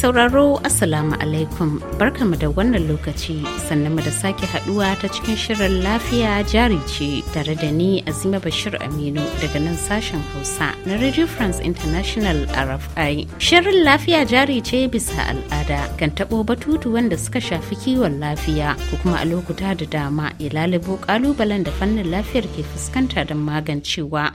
sauraro Assalamu alaikum barkamu da wannan lokaci sannan da sake haduwa ta cikin shirin lafiya jari ce tare da ni Azima Bashir Aminu daga nan sashen Hausa na Radio France International RFI. Shirin lafiya jari ce bisa al'ada kan tabo batutu wanda suka shafi kiwon lafiya ko kuma a lokuta da dama ya lalubo kalubalen da fannin lafiyar ke fuskanta don magancewa.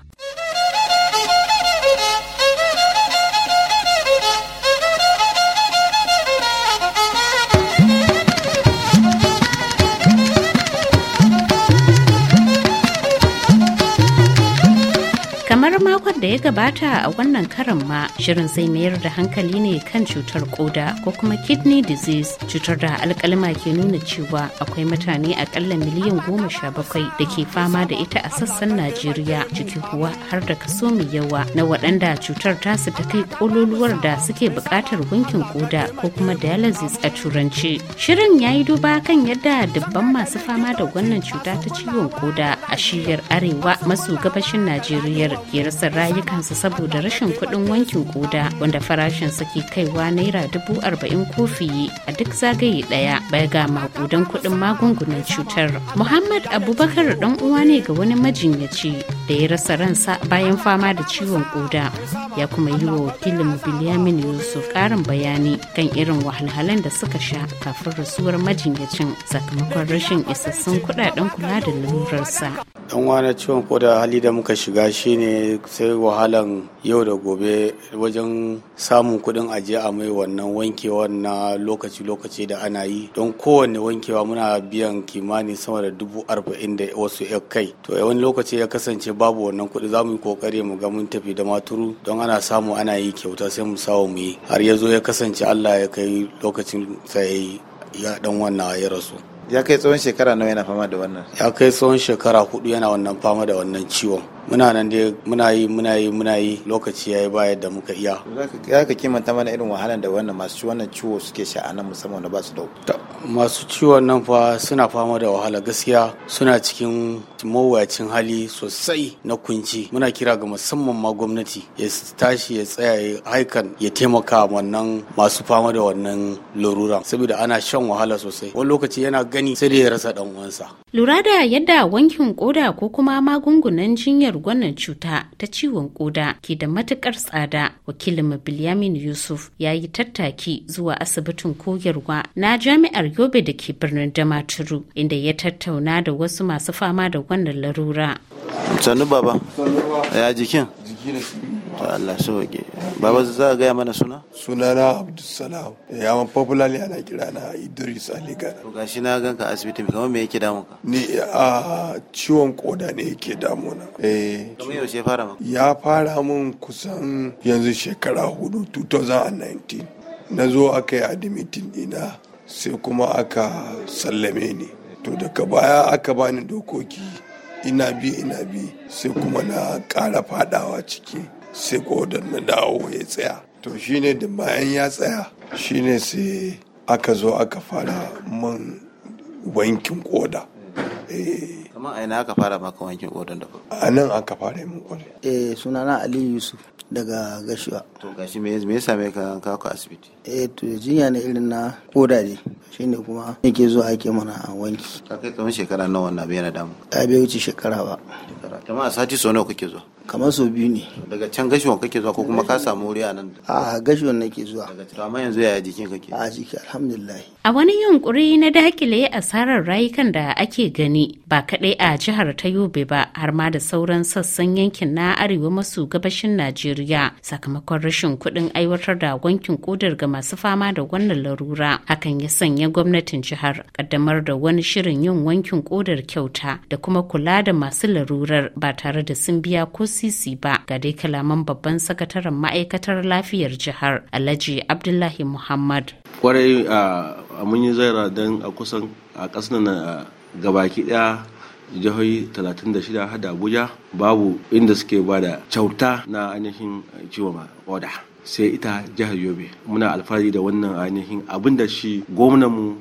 gabata a wannan karan ma shirin zai mayar da hankali ne kan cutar koda ko kuma kidney disease cutar da alkalima ke nuna cewa akwai mutane akalla miliyan goma sha bakwai da ke fama da ita a sassan najeriya ciki kuwa har da kaso mai yawa na waɗanda cutar ta tasu ta kai kololuwar da suke buƙatar wankin koda ko kuma dialysis a turanci shirin ya yi duba kan yadda dubban masu fama da wannan cuta ta ciwon koda a shiyar arewa maso gabashin najeriya ke rasa rayukan kansa saboda rashin kuɗin wankin koda wanda farashinsa ke kaiwa naira dubu arba'in ko fiye a duk zagaye ɗaya baya ga makudan kuɗin magungunan cutar. Muhammad Abubakar ɗan uwa ne ga wani majinyaci da ya rasa ransa bayan fama da ciwon koda ya kuma yi wa wakilin Bilyamin Yusuf ƙarin bayani kan irin wahalhalan da suka sha kafin rasuwar majinyacin sakamakon rashin isassun kuɗaɗen kula da lalurarsa. dan wani ciwon ko da hali da muka shiga shine sai wahalan yau da gobe wajen samun kuɗin ajiye a mai wannan wankewa na lokaci-lokaci da ana yi don kowane wankewa muna biyan kimanin sama da dubu arba'in da wasu ya kai to eh, wani lokaci ya kasance babu wannan kuɗi za mu yi kokari mu ga mun tafi da maturu don ana samu ana yi kyauta sai mu samu mu yi har ya zo ya kasance allah ya kai lokacin sai ya dan wannan ya rasu ya kai tsawon shekara nawa yana fama da wannan ya kai tsawon shekara hudu yana wannan fama da wannan ciwon muna nan dai muna yi muna yi muna yi lokaci yayi baya da muka iya za ka kimanta mana irin wahalan da wannan masu wannan ciwo suke sha'anan musamman da ba su da masu ciwon nan fa suna fama da wahala gaskiya suna cikin mawuyacin hali sosai na kunci muna kira ga musamman ma gwamnati ya tashi ya tsaya haikan ya taimaka wannan masu fama da wannan laruran saboda ana shan wahala sosai wani lokaci yana gani sai da ya rasa dan uwansa lura da yadda wankin koda ko kuma magungunan jinyar gwannan cuta ta ciwon koda ke da matukar tsada wakilin bilyamin yusuf ya yi tattaki zuwa asibitin koyarwa na jami'ar gobe da ke birnin Damaturu inda ya tattauna da wasu masu fama da wannan larura. Sannu baba. Ya jikin? Jiki da Allah sauke. Baba za a gaya mana suna? Sunana Abdulsalam. Ya man popularly ana kira na Idris Ali Gana. To gashi na ganka asibiti kamar me yake damun ka? Ni a ciwon koda ne yake damuna. Eh. Kamar yaushe ya fara ma? Ya fara mun kusan yanzu shekara hudu 2019. Na zo aka yi admitin dina sai kuma aka sallame ni to daga baya aka bani dokoki ina bi ina bi sai kuma na ƙara fadawa ciki sai kodan na dawo ya tsaya to shine da bayan ya tsaya shine sai aka zo aka fara man wankin koda eh amma a ina aka fara maka wankin odon da a nan an ka fara mun odon eh suna na ali yusuf daga gashiwa to gashi me me yasa me ka ka ku asibiti eh to jinya ne irin na koda ne shine kuma yake zuwa ake mana a wanki ka kai tsawon shekara nawa na bai na damu a bai wuce shekara ba kama kamar a sati so nawa kake zuwa kamar sau biyu ne daga can gashiwan kake zuwa ko kuma ka samu wuri a nan a gashiwan nake zuwa to amma yanzu yaya jikin kake a jiki alhamdulillah a wani yunkuri na dakile asarar rayukan da ake gani ba kadai a jihar ta Yobe ba har ma da sauran sassan yankin na arewa maso gabashin Najeriya sakamakon rashin kuɗin aiwatar da wankin kodar ga masu fama da wannan larura. Hakan ya sanya gwamnatin jihar kaddamar da wani shirin yin wankin kodar kyauta da kuma kula da masu larurar ba tare da sun biya ko sisi ba ga dai kalaman babban sakataren ma'aikatar lafiyar jihar Alhaji Abdullahi Muhammad. Kwarai a ah, munyi zaira don a kusan a ah, gabaki daya jihohi 36 har da abuja babu inda suke ba da kyauta na ainihin ciwon oda sai ita jihar yobe muna alfahari da wannan ainihin abin da shi gwamnanmu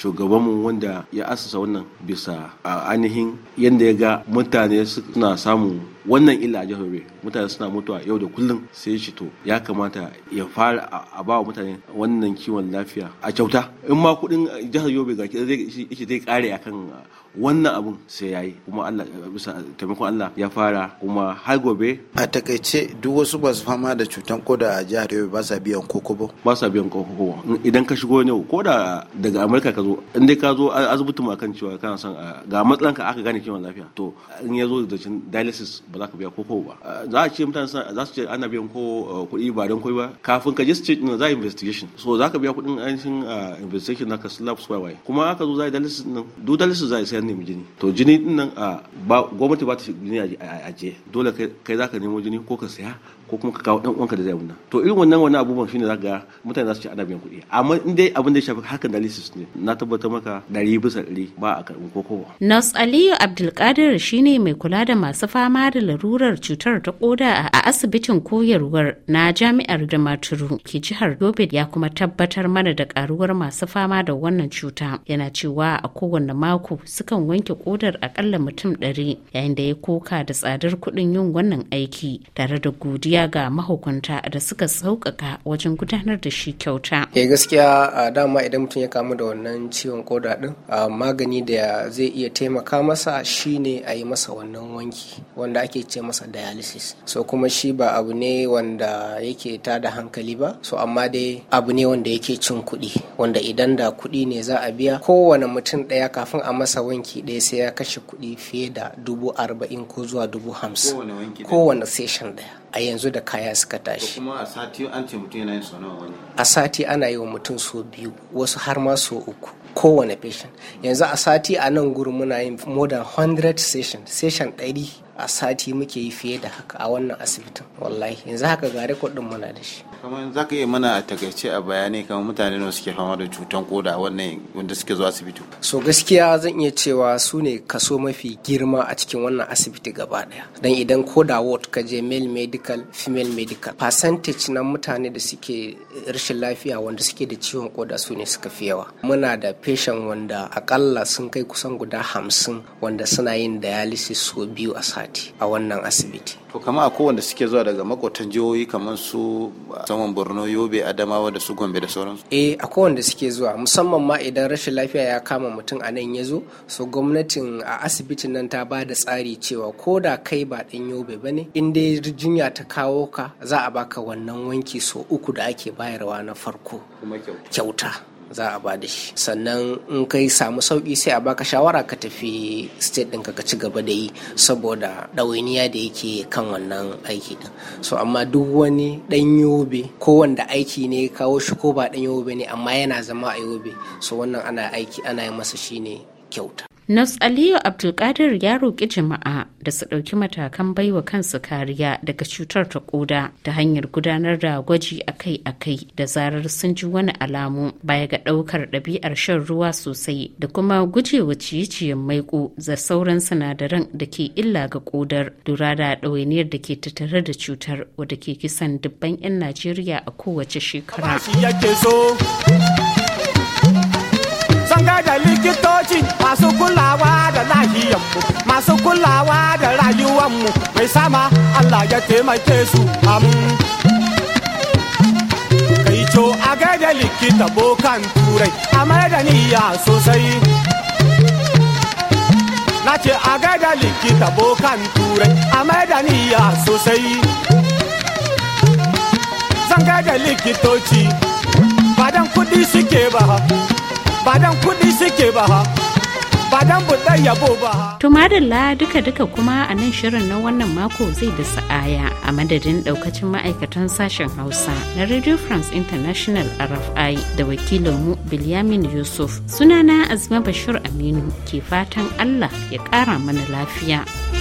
shugabanmu wanda ya asasa wannan bisa a ainihin yadda ya ga mutane suna samun wannan illa jihar yobe mutane suna mutuwa yau da kullum sai shi to ya kamata ya fara a ba mutane wannan kiwon lafiya a kyauta in ma kudin jihar yobe ga shi zai kare akan wannan abun sai yayi kuma Allah bisa taimakon Allah ya fara kuma har gobe a takaice duk wasu su fama da cutan koda a jihar yobe ba sa biyan koko ba sa biyan kokobo idan ka shigo ne koda daga amurka ka zo in dai ka zo asibitin ma kan cewa kana son ga ka aka gane kiwon lafiya to in ya zo da dialysis ba za ka biya ko ba za a ce mutane za su ce ana biyan ko eh, kuɗi ba don koi ba kafin ka je su ce za investigation so za ka biya kuɗin ainihin eh, investigation naka slab su waye kuma aka zo za a dialysis din duk dialysis za a sayar nemi jini to jini din nan ah, gwamnati ba ta jini a je dole kai za ka nemo jini ko ka saya ko kuma ka kawo dan uwanka da zai wannan to irin wannan wani abubuwan shine za ga mutane za su ci ana biyan kuɗi amma in dai abin da ya shafi hakan dialysis ne na tabbatar maka ɗari bisa ɗari ba a ko koko Nas Aliyu Abdulkadir shine mai kula da masu fama da larurar cutar ta koda a asibitin koyarwar na jami'ar da maturu ke jihar Yobe ya kuma tabbatar mana da karuwar masu fama da wannan cuta yana cewa a kowane mako sukan wanke kodar akalla mutum ɗari yayin da ya koka da tsadar kuɗin yin wannan aiki tare da godiya godiya ga mahukunta da suka sauƙaƙa wajen gudanar da shi kyauta. Eh gaskiya a dama idan mutum ya kamu da wannan ciwon koda ɗin magani da zai iya taimaka masa shi ne a yi masa wannan wanki wanda ake ce masa dialysis. So kuma shi ba abu ne wanda yake ta da hankali ba so amma dai abu ne wanda yake cin kuɗi wanda idan da kuɗi ne za a biya kowane mutum ɗaya kafin a masa wanki ɗaya sai ya kashe kuɗi fiye da dubu arba'in ko zuwa dubu hamsin kowane session ɗaya a yanzu da kaya suka tashi kuma a sati an ce mutum yana yin sau wani a sati ana yi wa mutum so biyu wasu har ma so uku kowane patient yanzu a sati a nan gurin muna yin more than 100 session session a sati muke yi fiye da haka a wannan asibitin wallahi yanzu haka ga rekod din muna da shi kamar za ka iya mana a takaice a bayani kamar mutane ne suke fama da cutan koda wannan wanda suke zuwa asibiti so gaskiya zan iya cewa su ne kaso mafi girma a cikin wannan asibiti gaba daya dan idan koda ward ka je male medical female medical percentage na mutane da suke rashin lafiya wanda suke da ciwon koda su ne suka fi yawa muna da patient wanda akalla sun kai kusan guda hamsin wanda suna yin dialysis so biyu a sati sati a wannan asibiti to kama a kowanne suke zuwa daga makwatan jihohi kamar su saman borno yobe adamawa da su gombe da sauransu eh a kowanne suke zuwa musamman ma idan rashin lafiya ya kama mutum a nan ya zo so gwamnatin a asibitin nan ta ba da tsari cewa ko da kai ba ɗan yobe ba ne in dai jinya ta kawo ka za a baka wannan wanki so uku da ake bayarwa na farko kyauta za a ba da shi sannan in kai samu sauki sai a baka shawara ka tafi state ɗinka ka ci gaba da yi saboda ɗawainiya da yake kan wannan aiki ɗin so amma duk wani ɗan yobe ko wanda aiki ne kawo shi ko ba ɗan yobe ne amma yana zama a yobe so wannan ana aiki ana yi masa shine kyauta Nas Aliyu Abdulkadir ya roƙi jama'a da su ɗauki matakan baiwa kansu kariya daga cutar ta ƙoda ta hanyar gudanar da gwaji akai-akai da zarar sun ji wani alamu baya ga ɗaukar ɗabi'ar shan ruwa sosai da kuma gujewa ciye-ciyen maiƙo da sauran sinadaran da ke illa ga ƙodar lura da ɗawainiyar da ke tattare da cutar wadda ke kisan dubban 'yan Najeriya a kowace shekara. ga da likitoci masu kulawa da lahiyanmu masu kulawa da rayuwanmu mai sama Allah ya taimake su amu Kai co a gaida likita bokan turai a da niyya sosai. Na ce a gaida likita bokan turai a da niyya sosai. Zan ga da likitoci ba kudi kuɗi suke ba. ba dan kuɗi suke ba ha ba dan yabo ba To madalla duka-duka kuma a nan shirin na wannan mako zai da sa'aya a madadin ɗaukacin ma'aikatan sashen Hausa na Radio France International RFI da wakilinmu Bilyamin Yusuf sunana Azma Bashir Aminu ke fatan Allah ya ƙara mana lafiya.